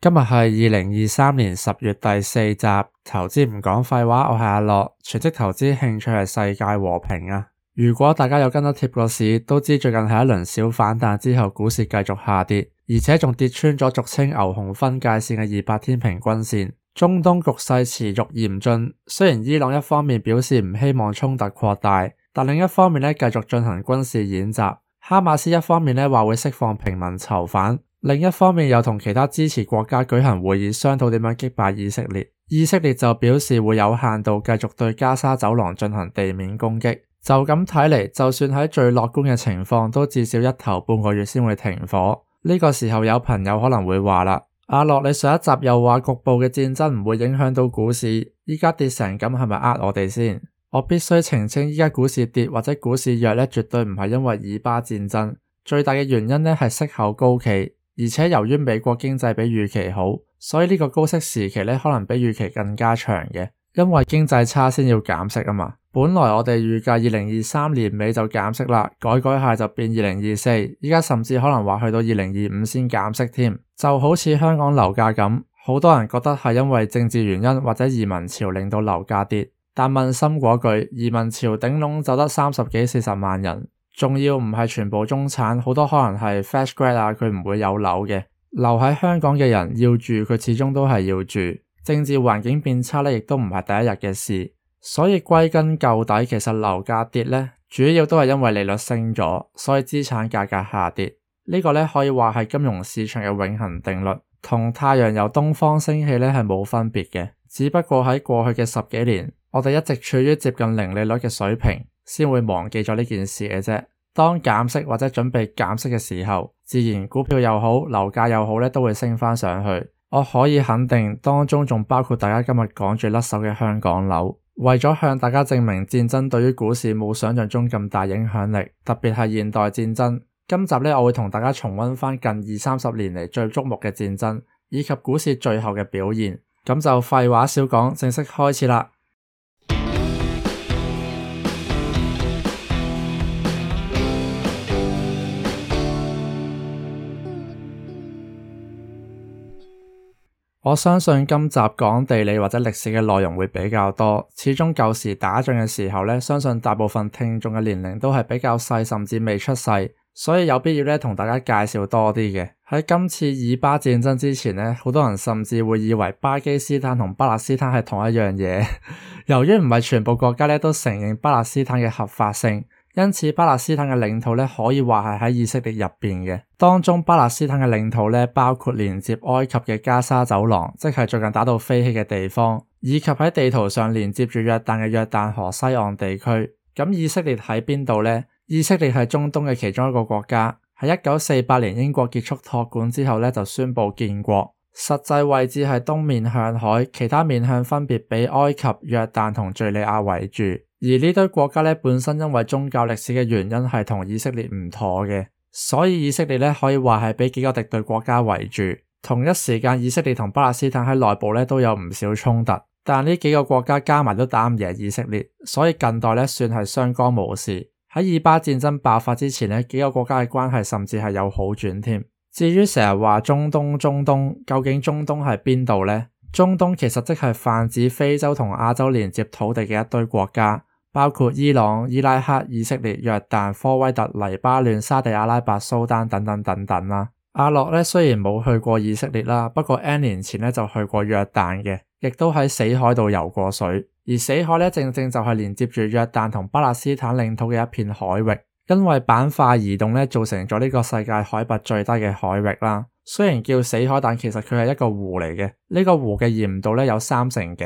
今日係二零二三年十月第四集，投資唔講廢話，我係阿樂，全職投資興趣係世界和平啊！如果大家有跟得貼個市，都知最近係一輪小反彈之後，股市繼續下跌，而且仲跌穿咗俗稱牛熊分界線嘅二百天平均線。中東局勢持續嚴峻，雖然伊朗一方面表示唔希望衝突擴大，但另一方面呢，繼續進行軍事演習。哈馬斯一方面呢話會釋放平民囚犯。另一方面，又同其他支持國家舉行會議，商討點樣擊敗以色列。以色列就表示會有限度繼續對加沙走廊進行地面攻擊。就咁睇嚟，就算喺最樂觀嘅情況，都至少一頭半個月先會停火。呢個時候有朋友可能會話啦，阿樂，你上一集又話局部嘅戰爭唔會影響到股市，依家跌成咁係咪呃我哋先？我必須澄清，依家股市跌或者股市弱呢，絕對唔係因為以巴戰爭，最大嘅原因呢，係息口高企。而且由於美國經濟比預期好，所以呢個高息時期呢，可能比預期更加長嘅。因為經濟差先要減息啊嘛。本來我哋預計二零二三年尾就減息啦，改改下就變二零二四，依家甚至可能話去到二零二五先減息添。就好似香港樓價咁，好多人覺得係因為政治原因或者移民潮令到樓價跌，但問心嗰句，移民潮頂籠就得三十幾四十萬人。仲要唔係全部中產，好多可能係 fresh grad 啊，佢唔會有樓嘅。留喺香港嘅人要住，佢始終都係要住。政治環境變差呢，亦都唔係第一日嘅事。所以歸根究底，其實樓價跌呢，主要都係因為利率升咗，所以資產價格下跌。呢個呢，可以話係金融市場嘅永恒定律，同太陽由東方升起呢，係冇分別嘅。只不過喺過去嘅十幾年，我哋一直處於接近零利率嘅水平。先會忘記咗呢件事嘅啫。當減息或者準備減息嘅時候，自然股票又好，樓價又好咧，都會升翻上去。我可以肯定，當中仲包括大家今日趕住甩手嘅香港樓。為咗向大家證明戰爭對於股市冇想象中咁大影響力，特別係現代戰爭。今集咧，我會同大家重溫翻近二三十年嚟最矚目嘅戰爭，以及股市最後嘅表現。咁就廢話少講，正式開始啦。我相信今集講地理或者歷史嘅內容會比較多，始終舊時打仗嘅時候咧，相信大部分聽眾嘅年齡都係比較細，甚至未出世，所以有必要咧同大家介紹多啲嘅。喺今次以巴戰爭之前咧，好多人甚至會以為巴基斯坦同巴勒斯坦係同一樣嘢，由於唔係全部國家咧都承認巴勒斯坦嘅合法性。因此巴勒斯坦嘅領土呢，可以話係喺以色列入邊嘅。當中巴勒斯坦嘅領土呢，包括連接埃及嘅加沙走廊，即係最近打到飛起嘅地方，以及喺地圖上連接住約旦嘅約旦河西岸地區。咁以色列喺邊度呢？以色列係中東嘅其中一個國家，喺一九四八年英國結束託管之後呢，就宣布建國。實際位置係東面向海，其他面向分別被埃及、約旦同敘利亞圍住。而呢堆國家咧，本身因為宗教歷史嘅原因係同以色列唔妥嘅，所以以色列咧，可以話係俾幾個敵對國家圍住。同一時間，以色列同巴勒斯坦喺內部咧，都有唔少衝突，但呢幾個國家加埋都打唔贏以色列，所以近代咧，算係相安無事。喺以巴戰爭爆發之前咧，幾個國家嘅關係甚至係有好轉添。至於成日話中東中東，究竟中東係邊度咧？中東其實即係泛指非洲同亞洲連接土地嘅一堆國家。包括伊朗、伊拉克、以色列、約旦、科威特、黎巴嫩、沙地阿拉伯、蘇丹等等等等啦。阿樂咧雖然冇去過以色列啦，不過 N 年前咧就去過約旦嘅，亦都喺死海度游過水。而死海咧正正就係連接住約旦同巴勒斯坦領土嘅一片海域，因為板塊移動咧造成咗呢個世界海拔最低嘅海域啦。雖然叫死海，但其實佢係一個湖嚟嘅。呢個湖嘅鹽度咧有三成幾。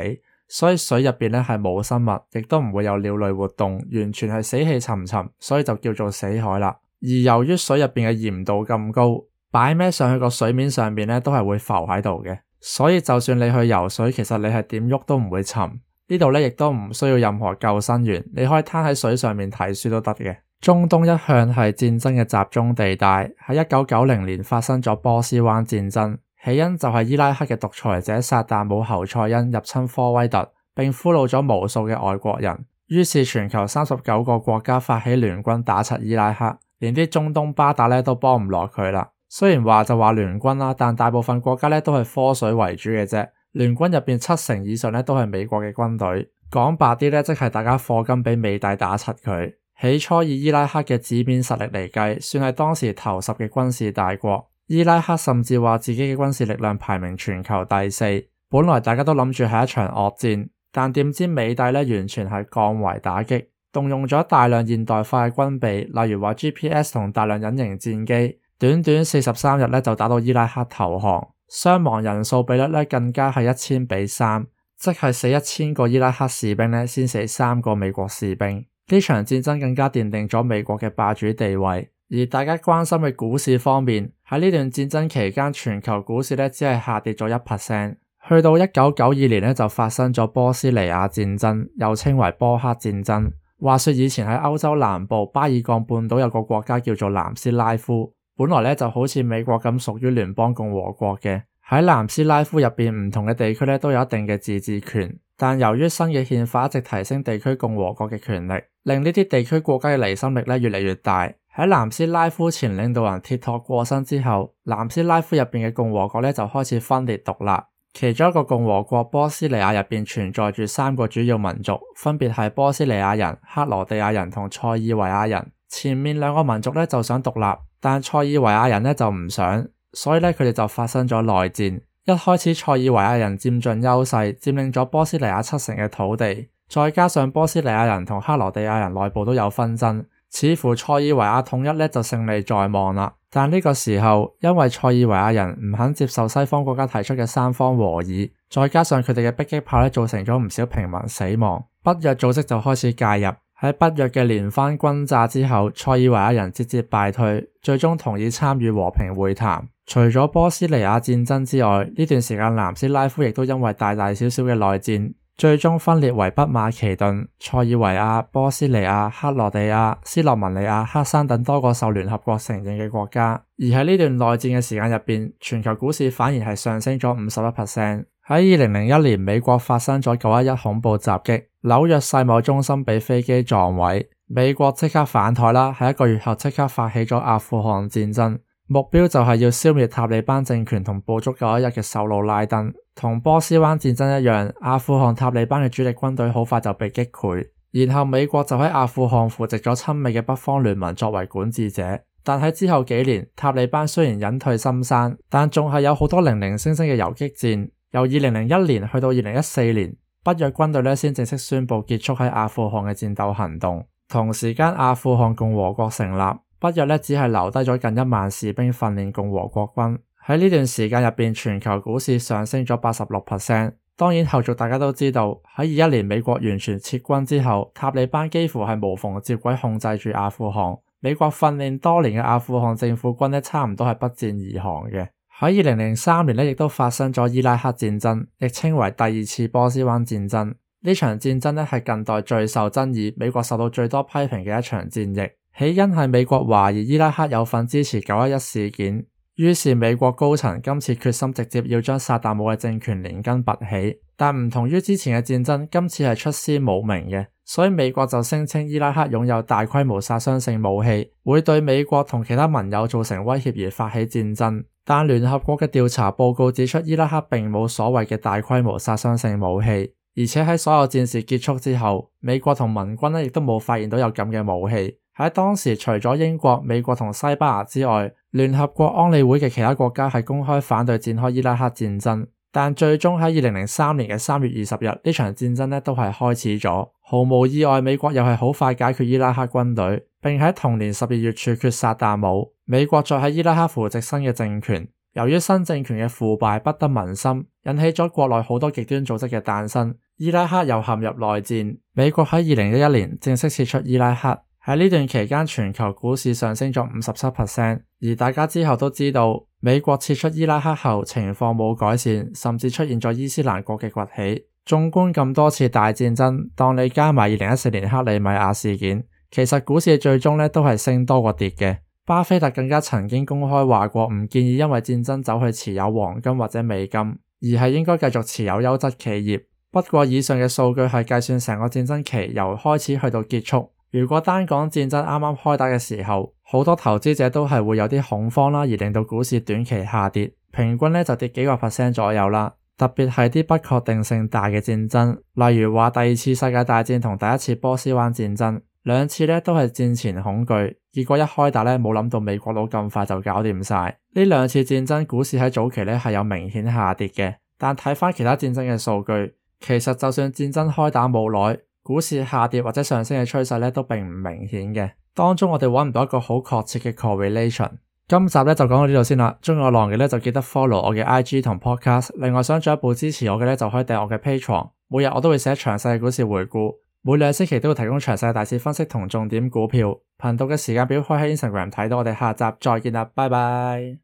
所以水入邊呢係冇生物，亦都唔會有鳥類活動，完全係死氣沉沉，所以就叫做死海啦。而由於水入邊嘅鹽度咁高，擺咩上去個水面上面呢都係會浮喺度嘅，所以就算你去游水，其實你係點喐都唔會沉。呢度呢亦都唔需要任何救生員，你可以攤喺水上面睇書都得嘅。中東一向係戰爭嘅集中地帶，喺一九九零年發生咗波斯灣戰爭。起因就係伊拉克嘅獨裁者薩達姆侯賽因入侵科威特，並俘虜咗無數嘅外國人。於是全球三十九個國家發起聯軍打柒伊拉克，連啲中東巴打都幫唔落佢啦。雖然話就話聯軍啦，但大部分國家咧都係科水為主嘅啫。聯軍入面七成以上都係美國嘅軍隊。講白啲咧，即係大家課金俾美帝打柒佢。起初以伊拉克嘅紙面實力嚟計，算係當時頭十嘅軍事大國。伊拉克甚至話自己嘅軍事力量排名全球第四，本來大家都諗住係一場惡戰，但點知美帝咧完全係降維打擊，動用咗大量現代化嘅軍備，例如話 GPS 同大量隱形戰機，短短四十三日咧就打到伊拉克投降，傷亡人數比率咧更加係一千比三，即係死一千個伊拉克士兵咧先死三個美國士兵，呢場戰爭更加奠定咗美國嘅霸主地位。而大家關心嘅股市方面，喺呢段戰爭期間，全球股市咧只係下跌咗一 percent。去到一九九二年咧，就發生咗波斯尼亞戰爭，又稱為波黑戰爭。話說以前喺歐洲南部巴爾干半島有個國家叫做南斯拉夫，本來咧就好似美國咁屬於聯邦共和國嘅。喺南斯拉夫入邊唔同嘅地區咧都有一定嘅自治權，但由於新嘅憲法一直提升地區共和國嘅權力，令呢啲地區國家嘅離心力咧越嚟越大。喺南斯拉夫前領導人鐵托過身之後，南斯拉夫入邊嘅共和國咧就開始分裂獨立。其中一個共和國波斯尼亞入邊存在住三個主要民族，分別係波斯尼亞人、克羅地亞人同塞爾維亞人。前面兩個民族咧就想獨立，但塞爾維亞人咧就唔想，所以咧佢哋就發生咗內戰。一開始塞爾維亞人佔盡優勢，佔領咗波斯尼亞七成嘅土地，再加上波斯尼亞人同克羅地亞人內部都有紛爭。似乎塞爾維亞統一呢就勝利在望啦，但呢個時候因為塞爾維亞人唔肯接受西方國家提出嘅三方和議，再加上佢哋嘅迫擊炮呢，造成咗唔少平民死亡，北約組織就開始介入。喺北約嘅連番轟炸之後，塞爾維亞人節節敗退，最終同意參與和平會談。除咗波斯尼亞戰爭之外，呢段時間南斯拉夫亦都因為大大小小嘅內戰。最終分裂為北馬其頓、塞爾維亞、波斯尼亞、克羅地亞、斯洛文尼亞、黑山等多個受聯合國承認嘅國家。而喺呢段內戰嘅時間入邊，全球股市反而係上升咗五十一 percent。喺二零零一年，美國發生咗九一一恐怖襲擊，紐約世貿中心俾飛機撞毀，美國即刻反台啦，喺一個月後即刻發起咗阿富汗戰爭。目標就係要消滅塔利班政權同捕捉嗰一日嘅首腦拉登，同波斯灣戰爭一樣，阿富汗塔利班嘅主力軍隊好快就被擊潰，然後美國就喺阿富汗扶植咗親美嘅北方聯盟作為管治者。但喺之後幾年，塔利班雖然隱退深山，但仲係有好多零零星星嘅游擊戰。由二零零一年去到二零一四年，北約軍隊呢先正式宣布結束喺阿富汗嘅戰鬥行動，同時間阿富汗共和國成立。北約呢只係留低咗近一萬士兵訓練共和國軍。喺呢段時間入邊，全球股市上升咗八十六 percent。當然後續大家都知道，喺二一年美國完全撤軍之後，塔利班幾乎係無縫接軌控制住阿富汗。美國訓練多年嘅阿富汗政府軍呢，差唔多係不戰而降嘅。喺二零零三年呢，亦都發生咗伊拉克戰爭，亦稱為第二次波斯灣戰爭。呢場戰爭呢，係近代最受爭議、美國受到最多批評嘅一場戰役。起因係美國懷疑伊拉克有份支持九一一事件，於是美國高層今次決心直接要將薩達姆嘅政權連根拔起。但唔同於之前嘅戰爭，今次係出師無名嘅，所以美國就聲稱伊拉克擁有大規模殺傷性武器，會對美國同其他盟友造成威脅而發起戰爭。但聯合國嘅調查報告指出，伊拉克並冇所謂嘅大規模殺傷性武器，而且喺所有戰事結束之後，美國同盟軍咧亦都冇發現到有咁嘅武器。喺當時，除咗英國、美國同西班牙之外，聯合國安理會嘅其他國家係公開反對展開伊拉克戰爭，但最終喺二零零三年嘅三月二十日，呢場戰爭呢都係開始咗，毫無意外，美國又係好快解決伊拉克軍隊，並喺同年十二月處決薩達姆。美國再喺伊拉克扶植新嘅政權，由於新政權嘅腐敗不得民心，引起咗國內好多極端組織嘅誕生。伊拉克又陷入內戰，美國喺二零一一年正式撤出伊拉克。喺呢段期間，全球股市上升咗五十七 percent，而大家之後都知道，美國撤出伊拉克後，情況冇改善，甚至出現咗伊斯蘭國嘅崛起。縱觀咁多次大戰爭，當你加埋二零一四年克里米亞事件，其實股市最終呢都係升多過跌嘅。巴菲特更加曾經公開話過，唔建議因為戰爭走去持有黃金或者美金，而係應該繼續持有優質企業。不過以上嘅數據係計算成個戰爭期，由開始去到結束。如果單講戰爭啱啱開打嘅時候，好多投資者都係會有啲恐慌啦，而令到股市短期下跌，平均呢就跌幾個 percent 左右啦。特別係啲不確定性大嘅戰爭，例如話第二次世界大戰同第一次波斯灣戰爭，兩次呢都係戰前恐懼，結果一開打呢，冇諗到美國佬咁快就搞掂晒。呢兩次戰爭股市喺早期呢係有明顯下跌嘅，但睇翻其他戰爭嘅數據，其實就算戰爭開打冇耐，股市下跌或者上升嘅趨勢呢，都並唔明顯嘅。當中我哋搵唔到一個好確切嘅 correlation。今集呢就講到呢度先啦。中意我嘅，呢就記得 follow 我嘅 IG 同 podcast。另外想進一步支持我嘅呢，就可以訂我嘅 Patreon。每日我都會寫詳細嘅股市回顧，每兩星期都會提供詳細嘅大市分析同重點股票。頻道嘅時間表可以喺 Instagram 睇到。我哋下集再見啦，拜拜。